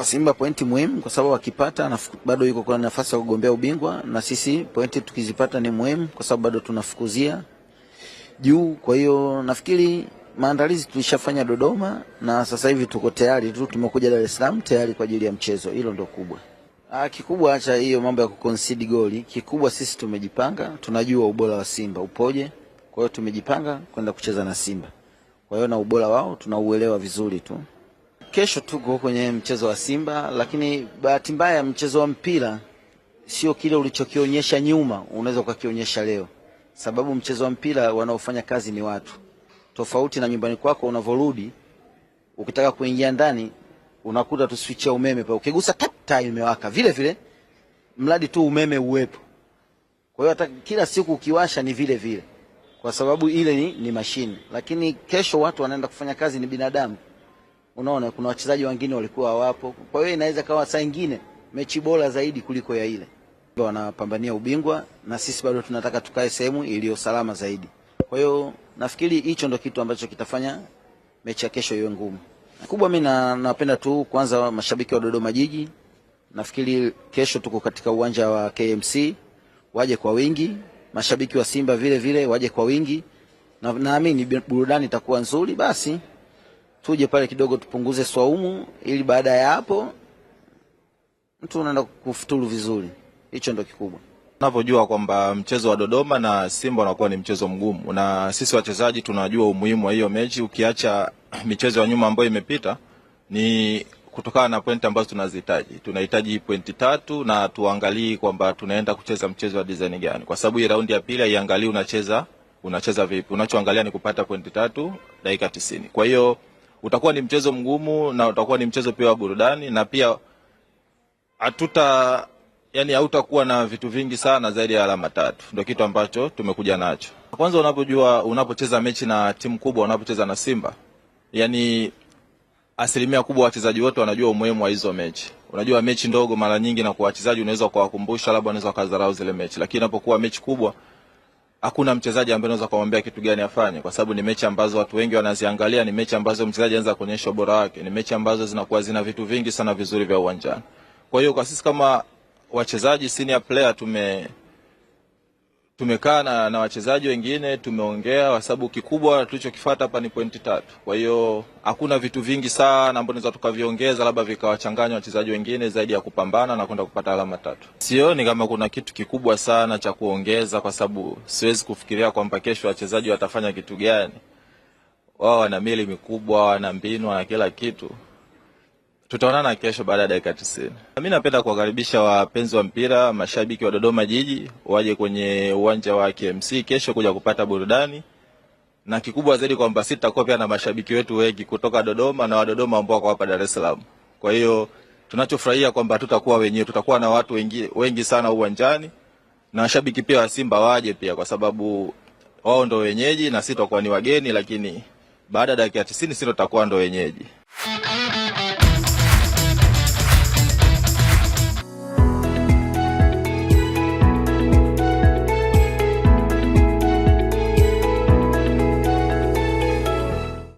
kwa Simba pointi muhimu, kwa sababu akipata bado yuko kwa nafasi ya kugombea ubingwa, na sisi pointi tukizipata ni muhimu, kwa sababu bado tunafukuzia juu. Kwa hiyo nafikiri maandalizi tulishafanya Dodoma, na sasa hivi tuko tayari tu, tumekuja Dar es Salaam tayari kwa ajili ya mchezo. Hilo ndo kubwa. Ah, kikubwa acha hiyo mambo ya kuconcede goli. Kikubwa sisi tumejipanga, tunajua ubora wa Simba upoje. Kwa hiyo tumejipanga kwenda kucheza na Simba, kwa hiyo na ubora wao tunauelewa vizuri tu. Kesho tuko kwenye mchezo wa Simba, lakini bahati mbaya mchezo wa mpira sio kile ulichokionyesha nyuma, unaweza ukakionyesha leo, sababu mchezo wa mpira wanaofanya kazi ni watu tofauti na nyumbani kwako. Unavorudi ukitaka kuingia ndani unakuta tu switch ya umeme pale, ukigusa tap taa imewaka vile vile, mradi tu umeme uwepo. Kwa hiyo hata kila siku ukiwasha ni vile vile, kwa sababu ile ni, ni mashine. Lakini kesho watu wanaenda kufanya kazi ni binadamu unaona kuna wachezaji wengine walikuwa hawapo. Kwa hiyo inaweza kawa saa nyingine mechi bora zaidi kuliko ya ile. Wanapambania ubingwa na sisi bado tunataka tukae sehemu iliyo salama zaidi. Kwa hiyo nafikiri hicho ndo kitu ambacho kitafanya mechi ya kesho iwe ngumu. Kubwa mimi na, napenda tu kwanza mashabiki wa Dodoma Jiji, nafikiri kesho tuko katika uwanja wa KMC, waje kwa wingi. Mashabiki wa Simba vile vile waje kwa wingi, na naamini burudani itakuwa nzuri basi tuje pale kidogo tupunguze swaumu, ili baada ya hapo mtu unaenda kufuturu vizuri. Hicho ndo kikubwa unavyojua kwamba mchezo wa Dodoma na Simba unakuwa ni mchezo mgumu, na sisi wachezaji tunajua umuhimu wa hiyo mechi. Ukiacha michezo ya nyuma ambayo imepita, ni kutokana na pointi ambazo tunazihitaji. Tunahitaji pointi tatu, na tuangalii kwamba tunaenda kucheza mchezo wa design gani, kwa sababu hii raundi ya pili haiangalii unacheza unacheza vipi. Unachoangalia ni kupata pointi tatu dakika tisini. Kwa hiyo utakuwa ni mchezo mgumu na utakuwa ni mchezo pia wa burudani na pia hatuta yani hautakuwa na vitu vingi sana zaidi ya alama tatu, ndio kitu ambacho tumekuja nacho. Kwanza, unapojua unapocheza mechi na timu kubwa, unapocheza na Simba, yani asilimia kubwa wachezaji wote wanajua umuhimu wa hizo mechi. Unajua mechi ndogo mara nyingi na kwa wachezaji unaweza kuwakumbusha, labda unaweza wakadharau zile mechi, lakini inapokuwa mechi kubwa hakuna mchezaji ambaye anaweza kumwambia kitu gani afanye, kwa sababu ni mechi ambazo watu wengi wanaziangalia. Ni mechi ambazo mchezaji anaweza kuonyesha ubora wake, ni mechi ambazo zinakuwa zina vitu vingi sana vizuri vya uwanjani. Kwa hiyo kwa sisi kama wachezaji, senior player tume Tumekaa na, na wachezaji wengine tumeongea, kwa sababu kikubwa tulichokifuata hapa ni pointi tatu. Kwa hiyo hakuna vitu vingi sana ambao tunaweza tukaviongeza, labda vikawachanganya wachezaji wengine zaidi ya kupambana na kwenda kupata alama tatu. Sioni kama kuna kitu kikubwa sana cha kuongeza, kwa sababu siwezi kufikiria kwamba kesho wachezaji watafanya kitu gani. Wao wana mili mikubwa, wana mbinu, wana kila kitu. Tutaonana kesho baada ya dakika tisini. Mi napenda kuwakaribisha wapenzi wa mpira, mashabiki wa Dodoma Jiji waje kwenye uwanja wa KMC kesho kuja kupata burudani, na kikubwa zaidi kwamba sisi tutakuwa pia na mashabiki wetu wengi kutoka Dodoma na Wadodoma ambao wako hapa Dar es Salaam. Kwa hiyo tunachofurahia kwamba tutakuwa wenyewe, tutakuwa na watu wengi, wengi sana uwanjani, na washabiki pia wa Simba waje pia, kwa sababu wao ndo wenyeji na sisi tutakuwa ni wageni, lakini baada ya dakika 90 sisi tutakuwa ndo wenyeji. Mm -hmm.